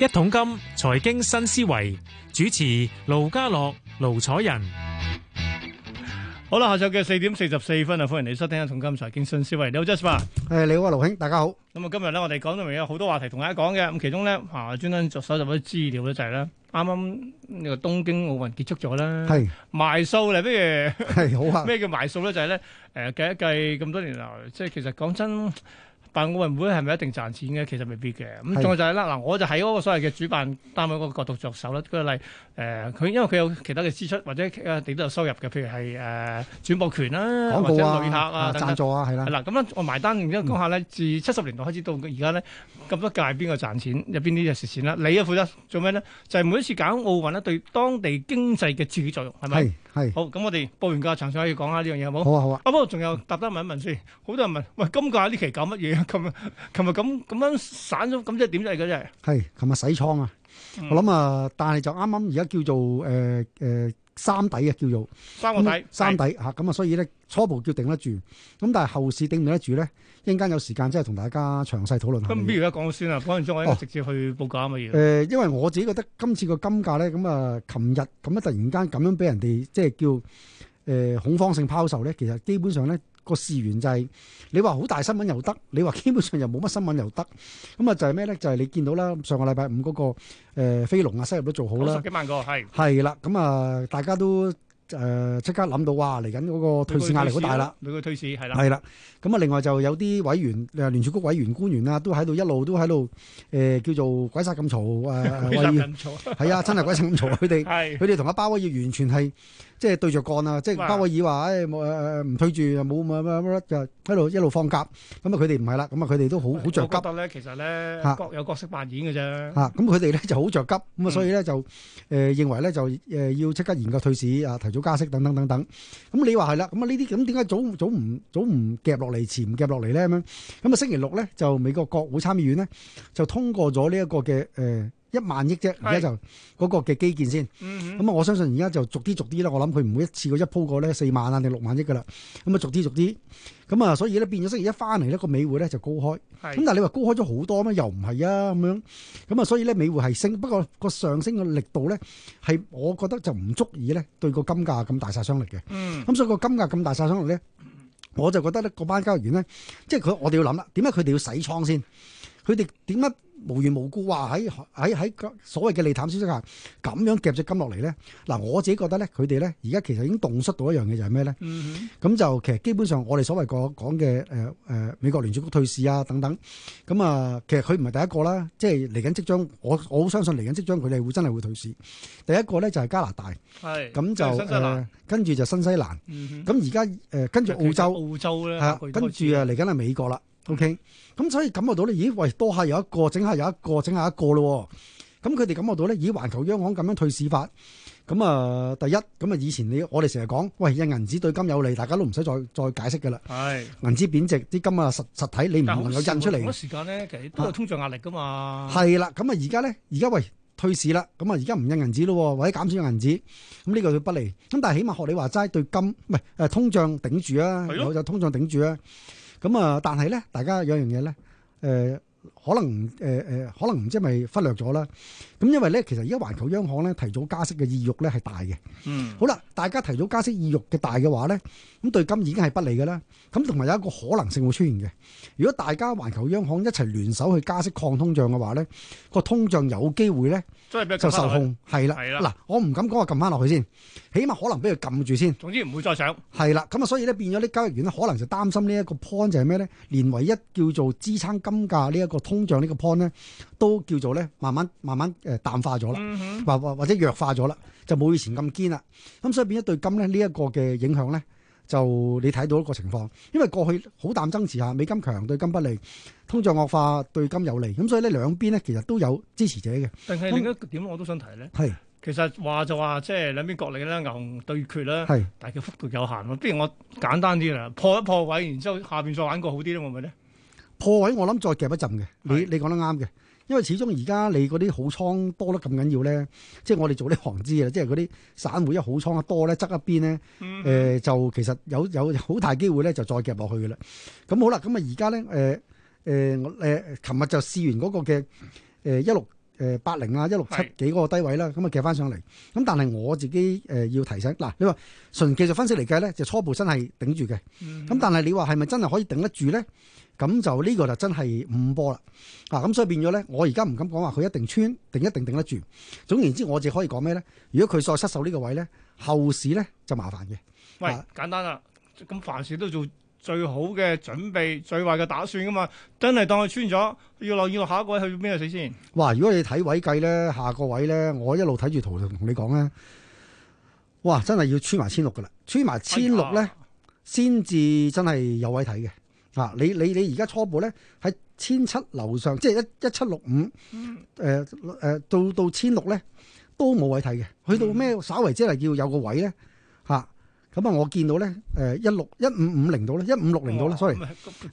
一桶金財經新思維主持盧家樂、盧楚仁，好啦，下晝嘅四點四十四分啊，歡迎你收聽一桶金財經新思維。你好，Jasper，誒，你好啊，盧兄，大家好。咁啊，今日咧，我哋講到明有好多話題同大家講嘅。咁其中咧，吓專登做搜集咗啲資料咧，就係咧，啱啱呢個東京奧運結束咗啦，係埋數啦，不如係好黑咩叫埋數咧？就係咧，誒，計一計咁多年嚟，即係其實講真。辦奧運會係咪一定賺錢嘅？其實未必嘅。咁仲是有就係啦，嗱，我就喺嗰個所謂嘅主辦單位嗰個角度着手啦。舉例，誒，佢因為佢有其他嘅支出，或者誒，亦都有收入嘅。譬如係誒，轉、呃、播權啦，啊、或者旅客等等啊，贊助啊，係啦。嗱、嗯，咁咧我埋單，然之後講下咧，自七十年代開始到而家咧咁多屆，邊個賺錢？入邊啲就蝕錢啦。你啊負責做咩咧？就係、是、每一次搞奧運咧，對當地經濟嘅刺激作用係咪？係是好，咁我哋報完價，場上可以講下呢樣嘢，好好、啊？好啊好啊。啊不過仲有特登問一問先，好多人問，喂，今個呢期搞乜嘢？咁，琴日咁咁樣散咗，咁即係點嚟嘅啫？係，琴日洗倉啊。嗯、我諗啊，但係就啱啱而家叫做誒誒。呃呃三底啊，叫做三個底，三底吓咁啊，所以咧初步叫頂得住，咁但係後市頂唔得住咧，一陣間有時間真係同大家詳細討論。咁不、嗯、如而家講先啦，講完之後我直接去報價啊嘛嘢。誒、呃，因為我自己覺得今次個金價咧，咁、呃、啊，琴日咁啊，突然間咁樣俾人哋即係叫誒、呃、恐慌性拋售咧，其實基本上咧。個事源就係，是，你話好大新聞又得，你話基本上又冇乜新聞又得，咁啊就係咩咧？就係，是，你見到啦，上個禮拜五嗰，那個誒、呃、飛龍啊，收入都做好啦，十幾萬個係係啦，咁啊、呃、大家都。誒，即刻諗到哇！嚟緊嗰個退市壓力好大啦，你個退市係啦，係啦。咁啊，另外就有啲委員誒聯儲局委員官員啦，都喺度一路都喺度誒叫做鬼殺咁嘈啊！鬼殺咁嘈，係啊，真係鬼殺咁嘈！佢哋佢哋同阿鮑威爾完全係即係對著幹啊！即係鮑威爾話：誒冇誒誒唔退住，又冇乜乜乜，就喺度一路放鴿。咁啊，佢哋唔係啦，咁啊，佢哋都好好著急。覺得咧，其實咧，各有角色扮演嘅啫。嚇！咁佢哋咧就好著急，咁啊，所以咧就誒認為咧就誒要即刻研究退市啊！提要加息等等等等，咁你話係啦，咁啊呢啲咁點解早早唔早唔夾落嚟，前唔夾落嚟咧咁樣？咁啊星期六咧就美國國會參議院咧就通過咗呢一個嘅誒。呃一萬億啫，而家就嗰個嘅基建先，咁啊我相信而家就逐啲逐啲啦。我諗佢唔會一次過一鋪過咧四萬啊定六萬億噶啦，咁啊逐啲逐啲，咁啊所以咧變咗星期一翻嚟咧個美匯咧就高開，咁但係你話高開咗好多咩？又唔係啊咁樣，咁啊所以咧美匯係升，不過個上升嘅力度咧係我覺得就唔足以咧對個金價咁大殺傷力嘅，咁所以個金價咁大殺傷力咧，我就覺得咧嗰班交易員咧，即係佢我哋要諗啦，點解佢哋要洗倉先？佢哋點解？無緣無故話喺喺喺所謂嘅利淡消息下咁樣夾隻金落嚟咧，嗱我自己覺得咧，佢哋咧而家其實已經洞悉到一樣嘢就係咩咧？咁就其實基本上我哋所謂講講嘅誒誒美國聯儲局退市啊等等，咁啊其實佢唔係第一個啦，即係嚟緊即將，我我好相信嚟緊即將佢哋會真係會退市。第一個咧就係加拿大，係咁就誒跟住就新西蘭，咁而家誒跟住澳洲，澳洲咧，跟住啊嚟緊係美國啦。O.K.，咁、嗯嗯嗯、所以感覺到咧，咦？喂，多下有一個，整下有一個，整下一個咯。咁佢哋感覺到咧，咦？環球央行咁樣退市法，咁、嗯、啊、呃，第一，咁啊，以前你我哋成日講，喂，印銀紙對金有利，大家都唔使再再解釋噶啦。係是銀紙貶值，啲金啊實體實體你唔能夠印出嚟。咁時間咧，其實都有通脹壓力噶嘛。係啦，咁啊，而家咧，而、嗯、家喂退市啦，咁啊，而家唔印銀紙咯，或者減少銀紙，咁呢個就不利。咁但係起碼學你話齋，對金唔係誒通脹頂，頂住啊，有有了、嗯、通脹頂住啊。了咁啊，但係咧，大家有樣嘢咧，誒、呃，可能誒誒、呃，可能唔知係咪忽略咗啦。咁因為咧，其實而家環球央行咧提早加息嘅意欲咧係大嘅。嗯。好啦。大家提早加息意欲嘅大嘅話咧，咁對金已經係不利嘅啦。咁同埋有一個可能性會出現嘅。如果大家環球央行一齊聯手去加息抗通脹嘅話咧，個通脹有機會咧就受控，係啦。嗱係啦，我唔敢講話撳翻落去先，起碼可能俾佢撳住先。總之唔會再上。係啦，咁啊，所以咧變咗啲交易員咧，可能就擔心就呢一個 point 就係咩咧？連唯一叫做支撐金價呢一個通脹呢個 point 咧。都叫做咧，慢慢慢慢誒淡化咗啦，或或或者弱化咗啦，就冇以前咁堅啦。咁所以變一對金變咗對金咧，呢一個嘅影響咧，就你睇到一個情況，因為過去好淡爭持下，美金強對金不利，通脹惡化對金有利，咁所以咧兩邊咧其實都有支持者嘅。但係另一點我都想提咧，係其實話就話即係兩邊角力啦，牛熊對決啦，係但係佢幅度有限咯。不如我簡單啲啦，破一破位，然之後下邊再玩個好啲咯，會唔會咧破位，我諗再夾一陣嘅。你你講得啱嘅。因為始終而家你嗰啲好倉多得咁緊要咧，即係我哋做啲行知啊，即係嗰啲散戶一好倉一多咧，側一邊咧，誒、呃、就其實有有好大機會咧，就再夾落去嘅啦。咁好啦，咁啊而家咧誒誒我誒琴日就試完嗰個嘅誒一六誒八零啊一六七幾嗰個低位啦，咁啊是夾翻上嚟。咁但係我自己誒、呃、要提醒嗱，你話純技術分析嚟計咧，就初步真係頂住嘅。咁、嗯、但係你話係咪真係可以頂得住咧？咁就呢個就真係五波啦，啊咁所以變咗咧，我而家唔敢講話佢一定穿，定一定定得住。總言之，我只可以講咩咧？如果佢再失守呢個位咧，後市咧就麻煩嘅。啊、喂，簡單啦，咁凡事都做最好嘅準備，最壞嘅打算噶嘛。真係當佢穿咗，要留意下一個位，一個位去邊度先先。哇！如果你睇位計咧，下個位咧，我一路睇住圖同同你講咧。哇！真係要穿埋千六噶啦，穿埋千六咧，先至、哎、呀真係有位睇嘅。嚇！你你你而家初步咧喺千七樓上，即係一一七六五，誒誒到到千六咧都冇位睇嘅。去到咩？稍微即係要有個位咧嚇。咁啊，我見到咧誒一六一五五零到咧，一五六零到咧所以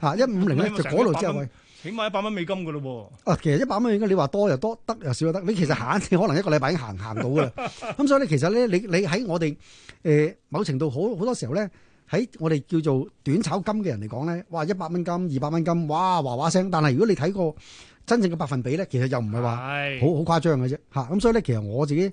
，sorry 一五零咧就嗰度之後啊，位起碼一百蚊美金嘅咯喎。啊，其實一百蚊應該你話多又多，得又少又得。你其實行一次可能一個禮拜已經行行到啦。咁 所以咧，其實咧，你你喺我哋誒某程度好好多時候咧。喺我哋叫做短炒金嘅人嚟講咧，哇！一百蚊金二百蚊金，哇，哇哇聲。但係如果你睇過真正嘅百分比咧，其實又唔係話好好誇張嘅啫嚇。咁、啊、所以咧，其實我自己誒、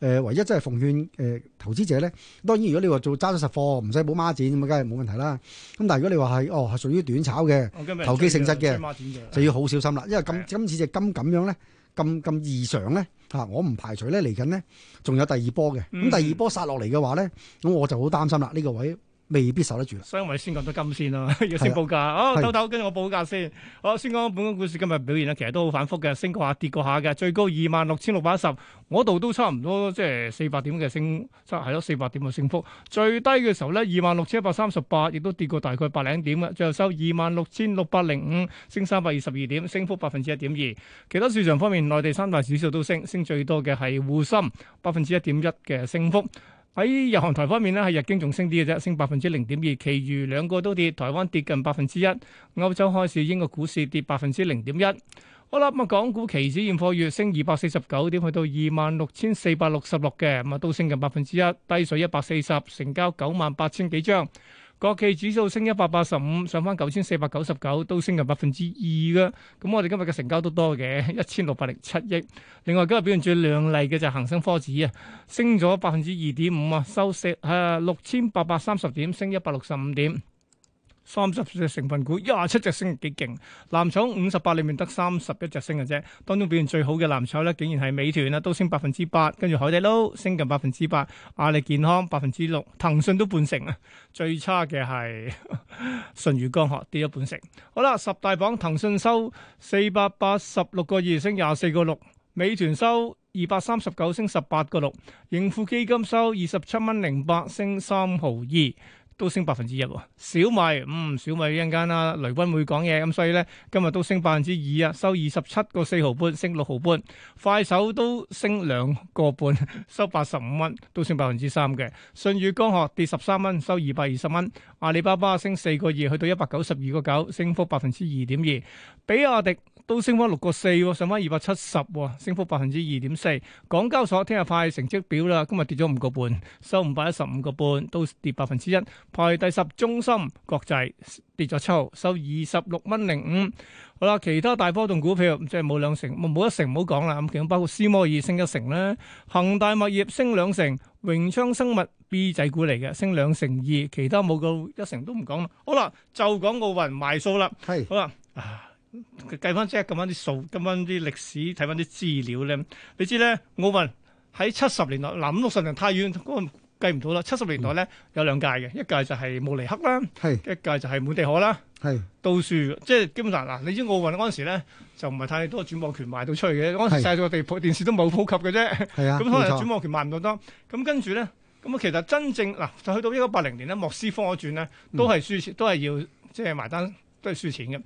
呃、唯一真係奉勸誒、呃、投資者咧，當然如果你話做揸實貨唔使補孖展咁梗係冇問題啦。咁但係如果你話係哦係屬於短炒嘅投機性質嘅，就要好小心啦，嗯、因為今今次隻金咁樣咧咁咁異常咧嚇、啊，我唔排除咧嚟緊呢仲有第二波嘅咁第二波殺落嚟嘅話咧，咁我就好擔心啦呢、嗯嗯呢個位。未必守得住，所以我咪先割咗金先咯、啊，要升報價。哦、啊，兜兜，是跟住我報價先。好，先講本港股市今日表現啦，其實都好反覆嘅，升過下跌過下嘅。最高二萬六千六百一十，我度都差唔多，即係四百點嘅升，差係咯四百點嘅升幅。最低嘅時候咧，二萬六千一百三十八，亦都跌過大概百零點嘅。最後收二萬六千六百零五，升三百二十二點，升幅百分之一點二。其他市場方面，內地三大指數都升，升最多嘅係滬深，百分之一點一嘅升幅。喺日韓台方面咧，係日經仲升啲嘅啫，升百分之零點二，其餘兩個都跌，台灣跌近百分之一。歐洲開市，英國股市跌百分之零點一。好啦，咁啊，港股期指現貨月升二百四十九點，去到二萬六千四百六十六嘅，咁啊，都升近百分之一，低水一百四十，成交九萬八千幾張。國企指數升一百八十五，上返九千四百九十九，都升咗百分之二㗎。咁我哋今日嘅成交都多嘅一千六百零七億。另外今日表現最靚麗嘅就係恒生科指了 4, 啊，升咗百分之二點五啊，收四誒六千八百三十點，升一百六十五點。三十隻成分股，一廿七隻升，幾勁！藍籌五十八裡面得三十一隻升嘅啫，當中表現最好嘅藍籌咧，竟然係美團啦，都升百分之八，跟住海底撈升近百分之八，阿里健康百分之六，騰訊都半成啊，最差嘅係舜宇光學跌咗半成。好啦，十大榜騰訊收四百八十六個二，升廿四個六；美團收二百三十九，升十八個六；盈富基金收二十七蚊零八，升三毫二。都升百分之一喎，小米，嗯，小米一陣間啦，雷軍會講嘢，咁所以咧今日都升百分之二啊，收二十七個四毫半，升六毫半，快手都升兩個半，收八十五蚊，都升百分之三嘅，舜宇光學跌十三蚊，收二百二十蚊，阿里巴巴升四個二，去到一百九十二個九，升幅百分之二點二，比亞迪。都升翻六個四，上翻二百七十，升幅百分之二點四。港交所聽日派成績表啦，今日跌咗五個半，收五百一十五個半，都跌百分之一，排第十。中心國際跌咗七毫，收二十六蚊零五。好啦，其他大波動股票即係冇兩成，冇一成唔好講啦。咁其中包括斯摩爾升一成啦，恒大物業升兩成，榮昌生物 B 仔股嚟嘅升兩成二，其他冇夠一,一成都唔講啦。好啦，就講奧運賣數啦。係，好啦。計翻即係計翻啲數，計翻啲歷史，睇翻啲資料咧。你知咧奧運喺七十年代，嗱五六十年太遠，嗰個計唔到啦。七十年代咧有兩屆嘅，一屆就係慕尼克啦，對 一屆就係滿地可啦。對 到處即係基本上嗱，你知奧運嗰時咧就唔係太多轉播權賣到出嚟嘅，嗰時晒咗地鋪，電視都冇普及嘅啫。咁可能轉播權賣唔到多。咁跟住咧，咁啊其實真正嗱，就去到一九八零年咧，莫斯科轉咧都係輸，都係要即係埋單。都係輸錢嘅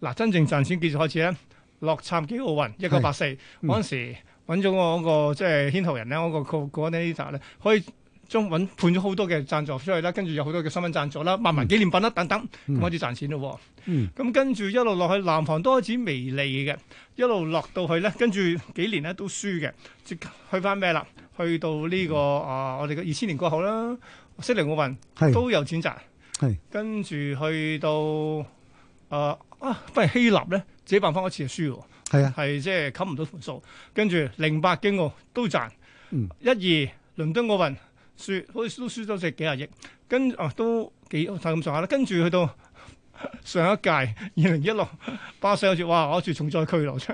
嗱，嗯、真正賺錢幾時開始咧？洛杉磯奧運一九八四嗰陣、嗯、時、那個，揾咗我嗰個即係牽頭人咧，嗰、那個顧顧問 leader 咧，可以將揾判咗好多嘅贊助出去啦，跟住有好多嘅新聞贊助啦、買埋紀念品啦等等，咁開始賺錢咯、哦。咁、嗯嗯、跟住一路落去，南韓都開始微利嘅，一路落到去咧，跟住幾年咧都輸嘅，即去翻咩啦？去到呢、這個、嗯、啊，我哋嘅二千年過後啦，悉尼奧運都有錢賺，跟住去到。是啊！不、啊、如希臘咧，自己辦翻一次就輸喎。係啊，係即係冚唔到盤數。跟住零八京奧都賺，一二、嗯、倫敦奧運輸好似都輸咗隻幾廿億。跟啊都幾就咁上下啦。跟住去到上一屆二零一六巴西好似哇，我住重災區流出。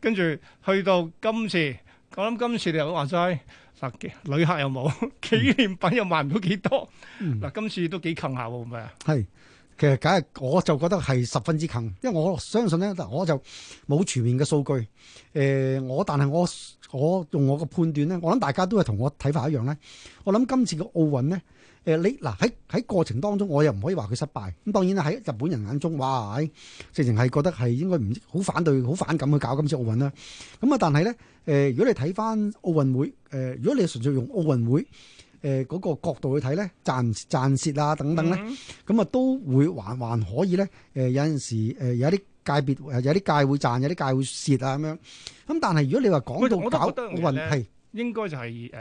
跟 住去到今次，我諗今次你又都話齋，旅客又冇，紀念品又賣唔到幾多。嗱、嗯啊，今次都幾冚下喎，唔係啊！係是。其實梗係，我就覺得係十分之近，因為我相信咧，我就冇全面嘅數據。誒、呃，我但係我我用我嘅判斷咧，我諗大家都係同我睇法一樣咧。我諗今次嘅奧運咧，誒、呃，你嗱喺喺過程當中，我又唔可以話佢失敗。咁當然啦，喺日本人眼中，哇，直情係覺得係應該唔好反對、好反感去搞今次奧運啦。咁啊，但係咧，誒、呃，如果你睇翻奧運會，誒、呃，如果你純粹用奧運會。誒嗰、呃那個角度去睇咧，賺賺蝕啊等等咧，咁啊、嗯、都會還還可以咧。誒、呃、有陣時誒有啲界別，有啲界會賺，有啲界會蝕啊咁樣。咁但係如果你話講到搞得冇問題是應該就係誒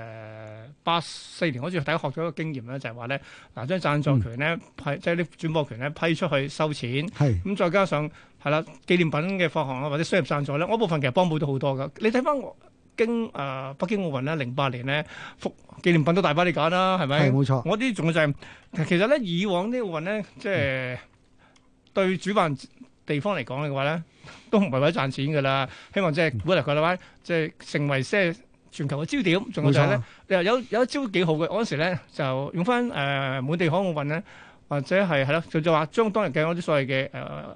八四年開始大家學咗一個經驗咧，就係話咧嗱，將贊助權咧批即係啲轉播權咧批出去收錢，咁是再加上係啦紀念品嘅放行啊或者商業贊助咧，我部分其實幫補咗好多噶。你睇翻我。經誒、呃、北京奧運咧，零八年咧，福紀念品都大把你揀啦，係咪？係，冇錯。我啲仲就係、是、其實咧，以往啲奧運咧，即、就、係、是嗯、對主辦地方嚟講嘅話咧，都唔係為咗賺錢噶啦。希望即係鼓勵佢哋咧，即係成為即係全球嘅焦點。仲、啊、有就係咧，有有，有一招幾好嘅，嗰陣時咧就用翻誒、呃、滿地可奧運咧，或者係係啦，就就是、話將當日嘅嗰啲所謂嘅誒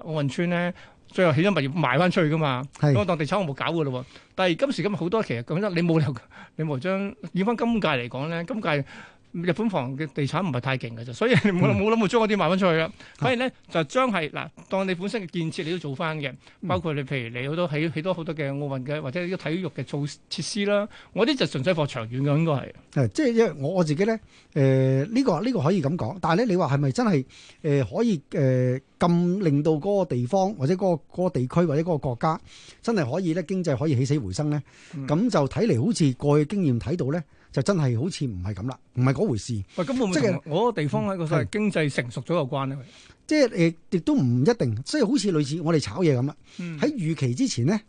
奧運村咧。嗯嗯最後起咗物業賣翻出去噶嘛，咁是我當地產我冇搞噶咯。但係今時今日好多其實咁樣，你冇理由你冇將以翻今屆嚟講咧，今屆。日本房嘅地產唔係太勁嘅啫，所以冇冇諗會將嗰啲賣翻出去啦。反而咧就將係嗱，當你本身嘅建設你都做翻嘅，包括你譬如你好多起起多好多嘅奧運嘅或者啲體育嘅措設施啦，我啲就純粹放長遠嘅應該係。誒、嗯，嗯、即係因為我我自己咧誒，呢、呃呢個呢、呢個可以咁講，但係咧你話係咪真係誒、呃、可以誒咁令到嗰個地方或者嗰、嗰個嗰個地區或者嗰個國家真係可以咧經濟可以起死回生咧？咁就睇嚟好似過去經驗睇到咧。就真係好似唔係咁啦，唔係嗰回事。喂，咁即係我個地方咧，個所謂經濟成熟咗有關咧、嗯。即係誒，亦都唔一定，即係好似類似我哋炒嘢咁啦。喺預、嗯、期之前呢，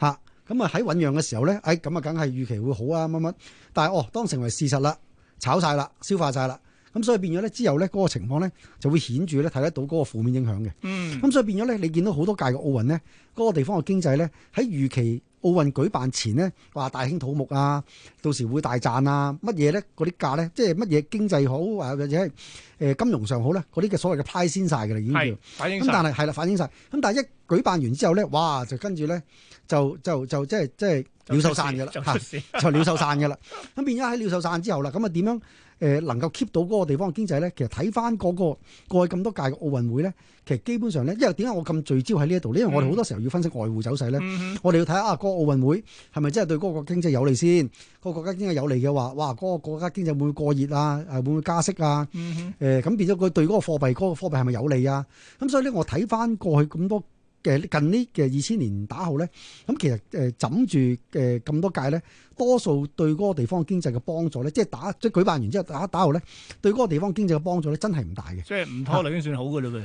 吓咁啊喺醞釀嘅時候咧，誒咁啊，梗係預期會好啊乜乜。但係哦，當成為事實啦，炒晒啦，消化晒啦，咁所以變咗咧之後咧，嗰、那個情況咧就會顯著咧睇得到嗰個負面影響嘅。嗯。咁所以變咗咧，你見到好多屆嘅奧運呢，嗰、那個地方嘅經濟咧喺預期。奧運舉辦前咧，話大興土木啊，到時會大賺啊，乜嘢咧？嗰啲價咧，即係乜嘢經濟好，或者係誒金融上好咧，嗰啲嘅所謂嘅派先晒㗎啦，已經要反映咁，但係係啦，反映晒咁，但係一舉辦完之後咧，哇！就跟住咧，就就就即係即係。鳥獸散嘅啦，就鳥獸散嘅啦。咁變咗喺鳥獸散之後啦，咁啊點樣誒能夠 keep 到嗰個地方嘅經濟咧？其實睇翻嗰個過去咁多屆嘅奧運會咧，其實基本上咧，因為點解我咁聚焦喺呢一度咧？因為我哋好多時候要分析外匯走勢咧，嗯、哼我哋要睇下啊個奧運會係咪真係對嗰個經濟有利先？嗰個國家經濟有利嘅話，哇！嗰、嗰個國家經濟會唔會過熱啊？誒會唔會加息啊？誒咁、嗯哼呃、變咗佢對嗰個貨幣嗰、嗰個貨幣係咪有利啊？咁所以咧，我睇翻過去咁多。嘅近呢嘅二千年打後咧，咁其實誒枕住嘅咁多屆咧，多數對嗰個地方經濟嘅幫助咧，即係打即係舉辦完之後打打後咧，對嗰個地方經濟嘅幫助咧，真係唔大嘅。即係唔拖已經算好嘅啦，佢。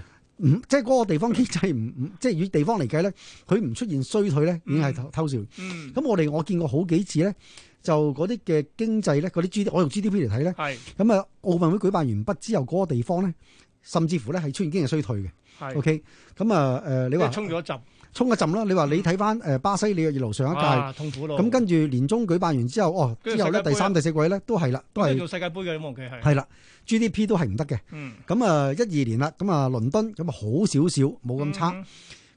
唔即係嗰個地方經濟唔唔，即係以地方嚟計咧，佢唔出現衰退咧，已經係偷笑。嗯。咁我哋我見過好幾次咧，就嗰啲嘅經濟咧，嗰啲 G，D，我用 GDP 嚟睇咧，係。咁啊、嗯，奧運會舉辦完畢之後，嗰個地方咧，甚至乎咧係出現經濟衰退嘅。係，OK，咁啊，誒、呃，你話即係衝咗一陣，衝一陣啦。你話你睇翻誒巴西，你嘅路上一屆、啊、痛苦咯。咁跟住年中舉辦完之後，哦，之後咧界第三、第四季咧都係啦，都係做世界盃嘅，冇記係。係啦，GDP 都係唔得嘅。嗯，咁啊，一二年啦，咁啊，倫敦咁啊，好少少，冇咁差。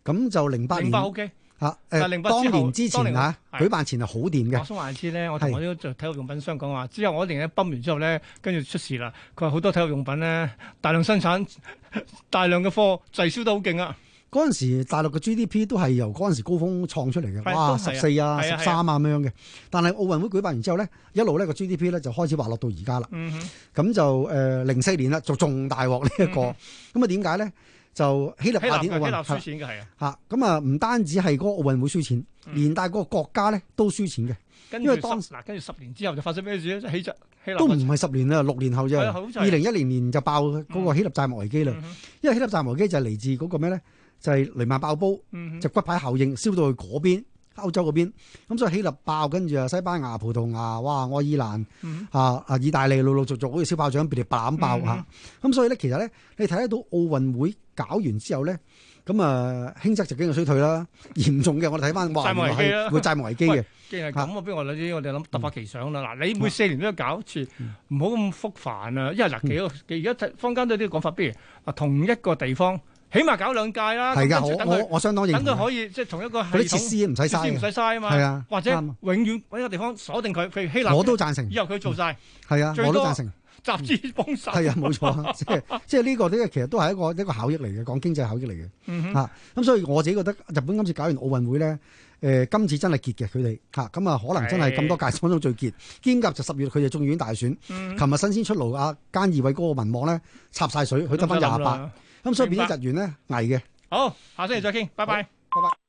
咁、嗯、就零八年，OK。啊！誒、呃，當年之前嚇、啊、舉辦前係好掂嘅。我想話知咧，我同我啲體育用品商講話，的之後我一定喺泵完之後咧，跟住出事啦。佢話好多體育用品咧，大量生產，大量嘅貨滯銷得好勁啊！嗰陣時大陸嘅 GDP 都係由嗰陣時高峰創出嚟嘅，哇！十四啊，十三啊咁樣嘅。但係奧運會舉辦完之後咧，一路咧個 GDP 咧就開始滑落到而家啦。嗯哼。咁就誒零四年啦，就仲大鑊呢一個。咁啊點解咧？就希臘爆點奧運，輸錢嘅係啊，嚇咁啊！唔單止係嗰個奧運會輸錢，連帶嗰個國家咧都輸錢嘅。跟住當時嗱，跟住十年之後就發生咩事咧？希臘希臘都唔係十年啦，六年後啫。二零一零年就爆嗰個希臘債務危機啦。因為希臘債務危機就係嚟自嗰個咩咧？就係雷曼爆煲，就骨牌效應燒到去嗰邊。歐洲嗰邊，咁所以希臘爆，跟住啊西班牙、葡萄牙，哇！愛爾蘭啊啊，意大利陸陸續續好似小炮仗，俾人爆爆嚇。咁所以咧，其實咧，你睇得到奧運會搞完之後咧，咁啊輕則就經濟衰退啦，嚴重嘅我哋睇翻話會債務危機啦，會債務危機嘅。咁我俾我諗，我哋諗突發奇想啦。嗱，你每四年都要搞一次，唔好咁複繁啊。因為嗱幾個，而家坊間都有啲講法，比如啊同一個地方，起碼搞兩屆啦，係噶，我我相當認同。等佢可以即係同一個係，佢設施唔使嘥唔使嘥啊嘛。或者永遠喺個地方鎖定佢，譬如希臘，我都贊成。以後佢做晒，係啊，我都贊成集資幫晒，係啊，冇錯即係即係呢個咧，其實都係一個一個效益嚟嘅，講經濟效益嚟嘅吓。咁所以我自己覺得，日本今次搞完奧運會咧，誒，今次真係結嘅佢哋吓，咁啊，可能真係咁多屆當中最結。兼夾就十月佢就眾院大選，琴日新鮮出爐啊，菅義偉嗰個民望咧插晒水，佢得翻廿八。咁所以變咗疾源盈虧嘅。嗯、好，下星期再傾、嗯拜，拜拜，拜拜。